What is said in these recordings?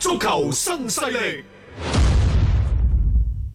足球新勢力，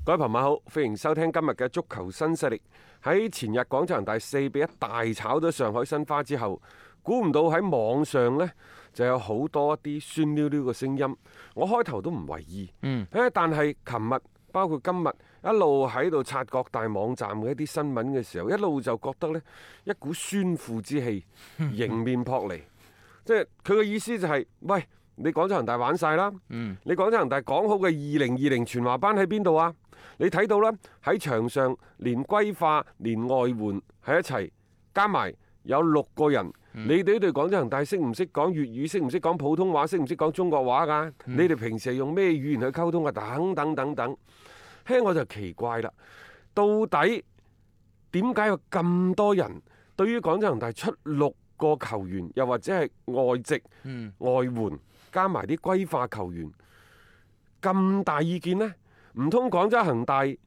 各位朋友好，歡迎收聽今日嘅足球新勢力。喺前日廣州恒大四比一大炒咗上海申花之後，估唔到喺網上呢就有好多一啲酸溜溜嘅聲音。我開頭都唔為意，嗯，但係琴日包括今日一路喺度刷各大網站嘅一啲新聞嘅時候，一路就覺得呢一股酸腐之氣迎面撲嚟。 即係佢嘅意思就係、是、喂。你廣州恒大玩晒啦！嗯、你廣州恒大講好嘅二零二零全華班喺邊度啊？你睇到啦，喺場上連歸化、連外援喺一齊，加埋有六個人。嗯、你哋呢隊廣州恒大識唔識講粵語？識唔識講普通話？識唔識講中國話㗎？嗯、你哋平時係用咩語言去溝通啊？等等等等，嘿，我就奇怪啦，到底點解有咁多人對於廣州恒大出六個球員，又或者係外籍、嗯、外援？加埋啲歸化球員咁大意見呢？唔通廣州恒大係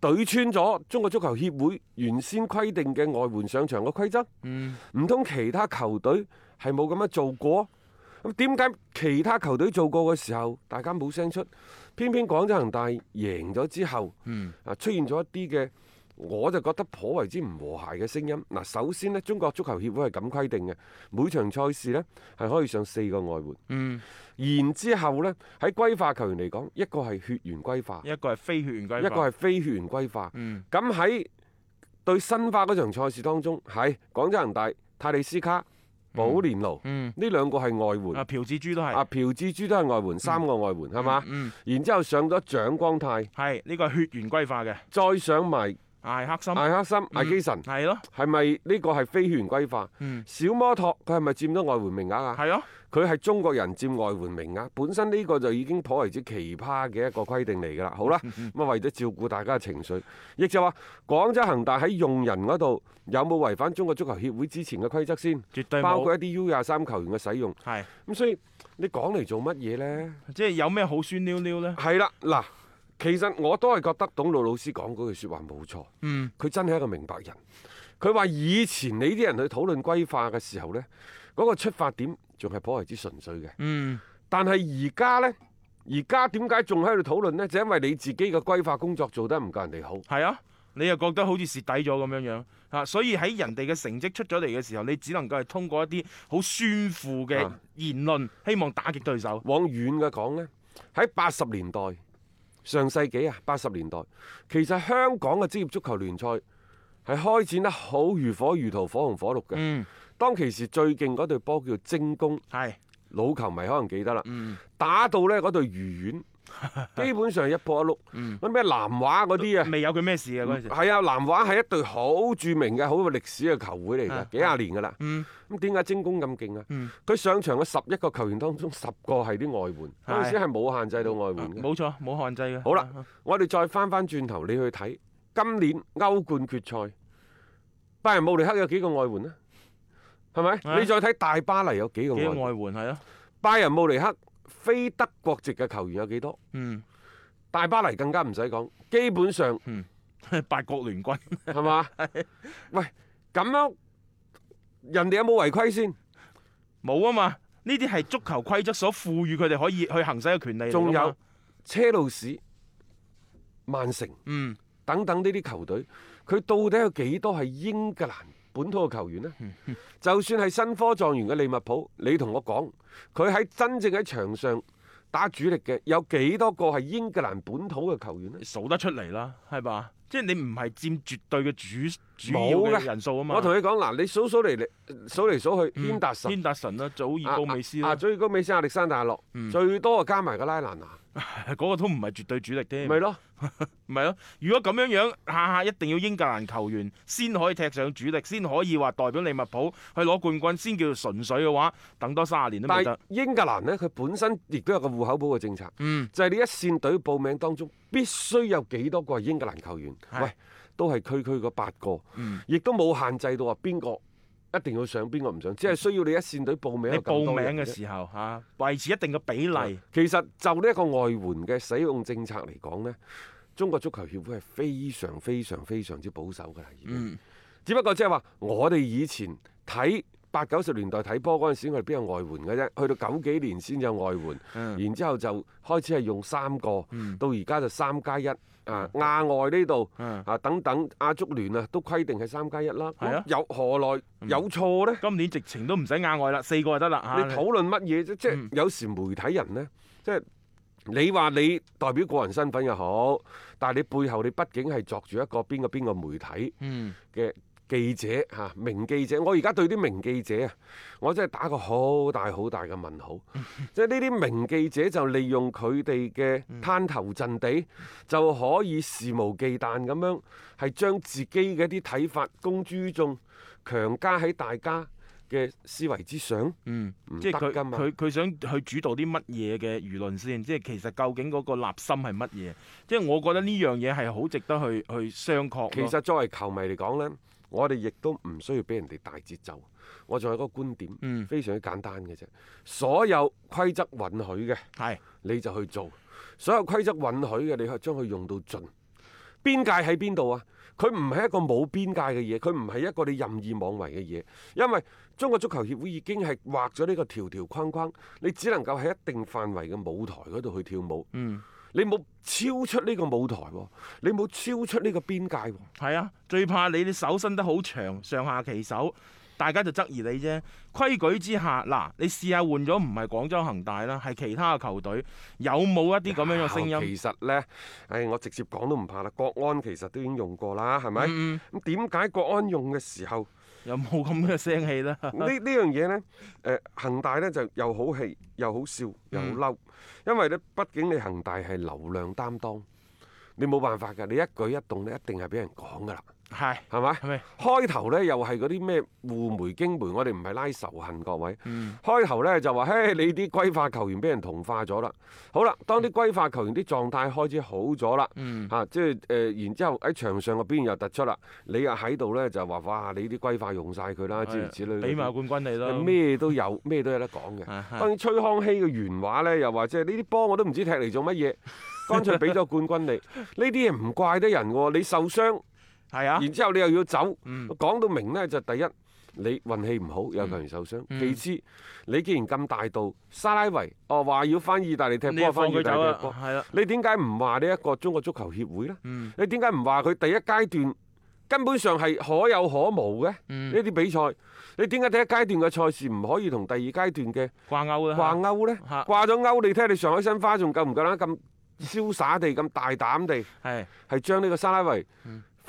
懟穿咗中國足球協會原先規定嘅外援上場嘅規則？唔通、嗯、其他球隊係冇咁樣做過？咁點解其他球隊做過嘅時候，大家冇聲出，偏偏廣州恒大贏咗之後，啊、嗯、出現咗一啲嘅我就覺得頗為之唔和諧嘅聲音。嗱，首先呢，中國足球協會係咁規定嘅，每場賽事呢，係可以上四個外援。嗯。然之後呢，喺歸化球員嚟講，一個係血緣歸化，一個係非血緣歸化，一個係非血緣歸化。咁喺對申花嗰場賽事當中，喺廣州恒大、泰利斯卡、保連奴呢兩個係外援。啊，朴志洙都係。啊，朴志洙都係外援，三個外援係嘛？然之後上咗蔣光泰，係呢個血緣歸化嘅，再上埋。艾克森、艾克森、艾基神，係咯，係咪呢個係非全歸化？嗯，小摩托佢係咪佔到外援名額啊？係咯，佢係中國人佔外援名額，本身呢個就已經頗為之奇葩嘅一個規定嚟噶啦。好啦，咁啊為咗照顧大家情緒，亦就話廣州恒大喺用人度有冇違反中國足球協會之前嘅規則先？絕對冇，包括一啲 U 廿三球員嘅使用。係咁，所以你講嚟做乜嘢咧？即係有咩好酸溜溜咧？係啦，嗱。其實我都係覺得董路老、老師講嗰句說話冇錯，佢、嗯、真係一個明白人。佢話，以前你啲人去討論歸化嘅時候呢，嗰、嗰個出發點仲係頗為之純粹嘅。嗯、但係而家呢，而家點解仲喺度討論呢？就因為你自己嘅歸化工作做得唔夠人哋好。係啊，你又覺得好似蝕底咗咁樣樣啊？所以喺人哋嘅成績出咗嚟嘅時候，你只能夠係通過一啲好炫富嘅言論，希望打擊對手。啊、往遠嘅講呢，喺八十年代。上世紀啊，八十年代，其實香港嘅職業足球聯賽係開展得好如火如荼，火紅火綠嘅。嗯、當其時最勁嗰隊波叫精工，是老球迷可能記得啦。嗯、打到呢嗰隊愉園。基本上一破一碌，咩南華嗰啲啊，未有佢咩事啊嗰陣時。係啊，南華係一隊好著名嘅、好歷史嘅球會嚟噶，幾廿年噶啦。咁點解精工咁勁啊？佢上場嘅十一個球員當中，十個係啲外援，嗰陣時係冇限制到外援嘅。冇錯，冇限制嘅。好啦，我哋再翻翻轉頭，你去睇今年歐冠決賽，拜仁慕尼黑有幾個外援咧？係咪？你再睇大巴黎有幾個外援？係咯，拜仁慕尼黑。非德國籍嘅球員有幾多？嗯，大巴黎更加唔使講，基本上，嗯，八國聯軍係嘛？喂，咁樣，人哋有冇違規先？冇啊嘛，呢啲係足球規則所賦予佢哋可以去行使嘅權利。仲有車路士、曼城，嗯，等等呢啲球隊，佢到底有幾多係英格蘭本土嘅球員呢，就算係新科狀元嘅利物浦，你同我講，佢喺真正喺場上打主力嘅有幾多個係英格蘭本土嘅球員呢？數得出嚟啦，係吧？即係你唔係佔絕對嘅主主要嘅人數啊嘛！我同你講嗱，你數數嚟嚟，數嚟數去，謙、嗯、達臣，謙達臣啦，祖爾高美斯啦，祖爾高美斯、亞歷、啊啊啊啊、山大洛，嗯、最多啊加埋個拉蘭拿啊！嗰個都唔係絕對主力啫，咪咯，咪咯。如果咁樣樣，下下一定要英格蘭球員先可以踢上主力，先可以話代表利物浦去攞冠軍，先叫做純粹嘅話，等多三十年都唔得。英格蘭呢，佢本身亦都有個戶口簿嘅政策，嗯、就係你一線隊報名當中必須有幾多個係英格蘭球員，是的 喂，都係區區嗰八個，亦、嗯、都冇限制到話邊個。一定要上邊個唔上？只係需要你一線隊報名。你報名嘅時候嚇，維持一定嘅比例，嗯。其實就呢一個外援嘅使用政策嚟講呢，中國足球協會係非常非常非常之保守㗎啦。嗯，只不過即係話，我哋以前睇八九十年代睇波嗰陣時，我哋邊有外援嘅啫？去到九幾年先有外援，嗯、然之後就開始係用三個，到而家就三加一。啊，亞外呢度啊，等等亞足聯啊都規定係三加一啦，啊啊，有何來有錯咧、嗯？今年直情都唔使亞外啦，四個就得啦嚇。你討論乜嘢啫？嗯、即係有時媒體人咧，即係你話你代表個人身份又好，但係你背後你畢竟係作住一個邊個邊個媒體嘅、嗯。記者嚇、啊、名記者，我而家對啲名記者啊，我真係打個好大好大嘅問號。即係呢啲名記者就利用佢哋嘅灘頭陣地，嗯、就可以肆無忌憚咁樣係將自己嘅一啲睇法公諸眾，強加喺大家嘅思維之上。嗯，即係佢佢想佢主導啲乜嘢嘅輿論先？即係其實究竟嗰個立心係乜嘢？即係我覺得呢樣嘢係好值得去去商榷。其實作為球迷嚟講呢。我哋亦都唔需要俾人哋帶節奏。我仲有個觀點，非常之簡單嘅啫。嗯、所有規則允許嘅，係你就去做；所有規則允許嘅，你可將佢用到盡。邊界喺邊度啊？佢唔係一個冇邊界嘅嘢，佢唔係一個你任意妄為嘅嘢。因為中國足球協會已經係畫咗呢個條條框框，你只能夠喺一定範圍嘅舞台嗰度去跳舞。嗯你冇超出呢個舞台喎，你冇超出呢個邊界喎。係啊，最怕你啲手伸得好長，上下其手，大家就質疑你啫。規矩之下，嗱，你試下換咗唔係廣州恒大啦，係其他嘅球隊，有冇一啲咁樣嘅聲音？其實呢，誒、哎，我直接講都唔怕啦。國安其實都已經用過啦，係咪？咁點解國安用嘅時候，又冇咁嘅聲氣啦？呢呢樣嘢呢，誒 恒大呢就又好氣又好笑又好嬲。嗯、因為咧畢竟你恒大係流量擔當，你冇辦法㗎，你一舉一動咧，一定係俾人講㗎啦。係，係咪？吧開頭呢又係嗰啲咩互媒京媒，我哋唔係拉仇恨，各位。嗯，開頭咧就話：嘿，你啲歸化球員俾人同化咗啦。好啦，當啲歸化球員啲狀態開始好咗啦，嚇、嗯，即係、啊呃、然之後喺場上個表現又突出啦。你又喺度呢，就話：哇，你啲歸化用晒佢啦，諸如此類。俾埋冠軍你咯。咩都有，咩都有得講嘅。嗯、當然，崔康熙嘅原話呢，又話即係呢啲波我都唔知踢嚟做乜嘢，乾脆俾咗冠軍你。呢啲嘢唔怪得人喎，你受傷。係啊，然之後你又要走，講到明呢，就第一，你運氣唔好，有球員受傷。其次、嗯，你既然咁大度，沙拉維哦話要翻意大利踢波，翻意大利踢波，是的 你點解唔話呢一個中國足球協會呢？嗯、你點解唔話佢第一階段根本上係可有可無嘅呢啲比賽？你點解第一階段嘅賽事唔可以同第二階段嘅掛鈎呢？掛鈎咧？掛咗鈎，你睇下你上海申花仲夠唔夠膽咁瀟灑地咁大膽地係係將呢個沙拉維？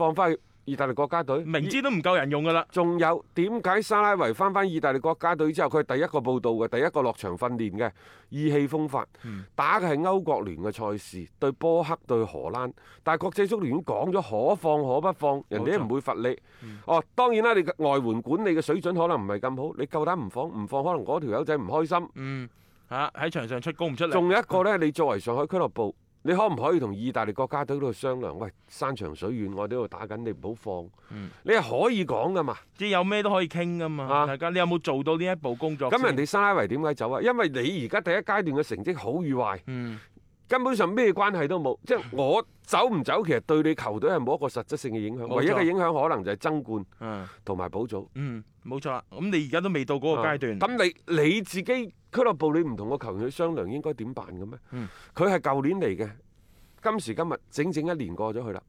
放翻去意大利國家隊，明知都唔夠人用噶啦。仲有，點解沙拉維翻翻意大利國家隊之後，佢係第一個報到嘅，第一個落場訓練嘅，意氣風發。打嘅係歐國聯嘅賽事，對波黑對荷蘭。但係國際足聯已經講咗可放可不放，人哋唔會罰你。哦，當然啦，你外援管理嘅水準可能唔係咁好，你夠膽唔放唔放？可能嗰條友仔唔開心。嗯，嚇喺場上出攻唔出嚟。仲有一個呢，你作為上海俱樂部。你可唔可以同意大利國家隊喺度商量？喂，山長水遠，我哋喺度打緊，你唔好放。嗯、你係可以講噶嘛？即係有咩都可以傾噶嘛？啊、大家，你有冇做到呢一步工作？咁人哋沙拉維點解走啊？因為你而家第一階段嘅成績好與壞，嗯、根本上咩關係都冇。即係我走唔走，其實對你球隊係冇一個實質性嘅影響。錯唯一嘅影響可能就係爭冠同埋保組嗯。嗯，冇錯。咁你而家都未到嗰個階段。咁你、嗯嗯、你自己？俱樂部，你唔同個球員商量應該點辦嘅咩？嗯，佢係舊年嚟嘅，今時今日整整一年過咗去啦，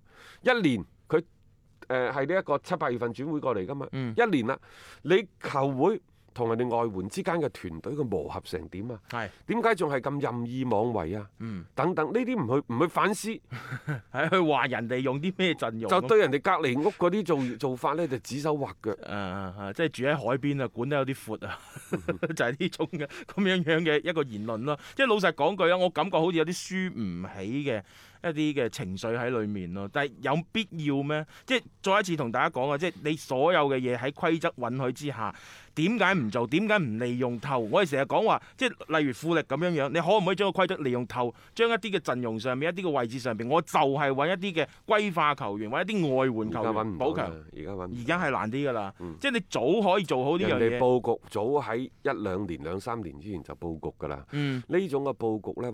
一年佢誒係呢一個七八月份轉會過嚟噶嘛，嗯，一年啦，你球會，同人哋外援之間嘅團隊嘅磨合成點啊？係點解仲係咁任意妄為啊？嗯，等等呢啲唔去唔去反思， 去話人哋用啲咩陣容，就對人哋隔離屋嗰啲做 做法咧就指手畫腳。啊、呃、即係住喺海邊啊，管得有啲闊啊，嗯、 就係呢種嘅咁樣樣嘅一個言論咯。即係老實講句啊，我感覺好似有啲輸唔起嘅。一啲嘅情緒喺裏面咯，但係有必要咩？即係再一次同大家講啊，即係你所有嘅嘢喺規則允許之下，點解唔做？點解唔利用透？我哋成日講話，即係例如富力咁樣樣，你可唔可以將個規則利用透？將一啲嘅陣容上面、一啲嘅位置上面，我就係揾一啲嘅歸化球員，或者一啲外援球員。而家揾唔到，而家揾而家係難啲㗎啦。嗯、即係你早可以做好呢樣嘢。佈局早喺一兩年、兩三年之前就佈局㗎啦。嗯、呢種嘅佈局咧，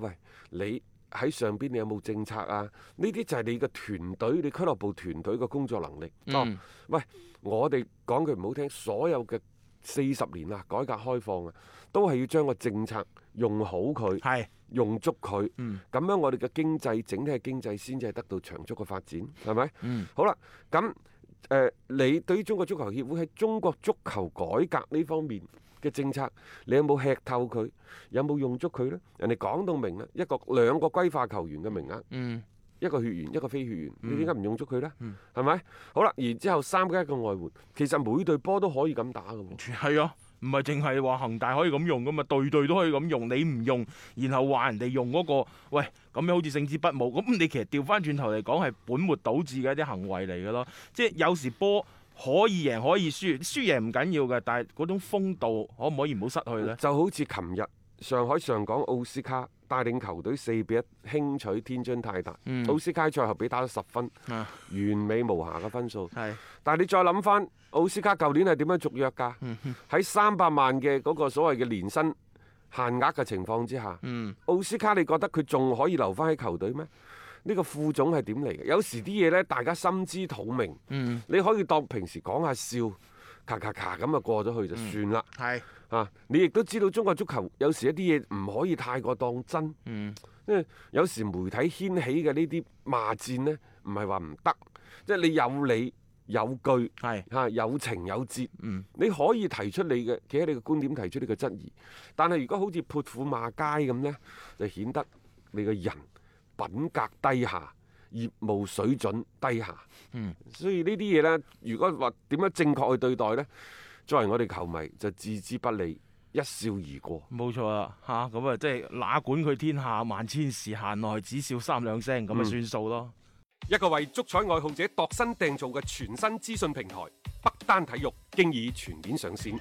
喂你。喺上邊你有冇政策啊？呢啲就係你嘅團隊，你俱樂部團隊嘅工作能力。嗯、哦。喂，我哋講句唔好聽，所有嘅四十年啊，改革開放啊，都係要將個政策用好佢，是用足佢。嗯。咁樣我哋嘅經濟整體經濟先至係得到長足嘅發展，係咪？嗯、好啦，咁誒、呃，你對於中國足球協會喺中國足球改革呢方面？嘅政策，你有冇吃透佢？有冇用足佢呢？人哋講到明啦，一個兩個歸化球員嘅名額，嗯、一個血緣，一個非血緣，嗯、你點解唔用足佢呢？係咪、嗯？好啦，然之後三加一個外援，其實每隊波都可以咁打嘅喎。係啊，唔係淨係話恒大可以咁用噶嘛？隊隊都可以咁用，你唔用，然後話人哋用嗰、嗰個，喂，咁樣好似勝之不武咁。你其實調翻轉頭嚟講，係本末倒置嘅一啲行為嚟嘅咯。即係有時波。可以贏可以輸，輸贏唔緊要嘅，但係嗰種風度可唔可以唔好失去呢？就好似琴日上海上港奧斯卡帶領球隊四比一輕取天津泰達，嗯、奧斯卡賽後俾打咗十分，啊、完美無瑕嘅分數。是但係你再諗翻，奧斯卡舊年係點樣續約噶？喺三百萬嘅嗰個所謂嘅年薪限額嘅情況之下，嗯、奧斯卡你覺得佢仲可以留翻喺球隊咩？呢個副總係點嚟嘅？有時啲嘢呢，大家心知肚明。嗯，你可以當平時講下笑，咔咔咔咁啊過咗去就算啦。係、嗯、啊，你亦都知道中國足球有時一啲嘢唔可以太過當真。嗯，因為有時媒體掀起嘅呢啲罵戰呢，唔係話唔得，即、就、係、是、你有理有據，係嚇是、啊、有情有節。嗯，你可以提出你嘅，企喺你嘅觀點提出你嘅質疑，但係如果好似潑婦罵街咁呢，就顯得你個人。品格低下，業務水準低下，嗯，所以呢啲嘢呢，如果話點樣正確去對待呢？作為我哋球迷就置之不理，一笑而過，冇錯啦嚇，咁啊，即係、就是、哪管佢天下萬千事，閒來只笑三兩聲，咁啊算數咯。嗯、一個為足彩愛好者度身訂造嘅全新資訊平台北單體育，經已全面上線。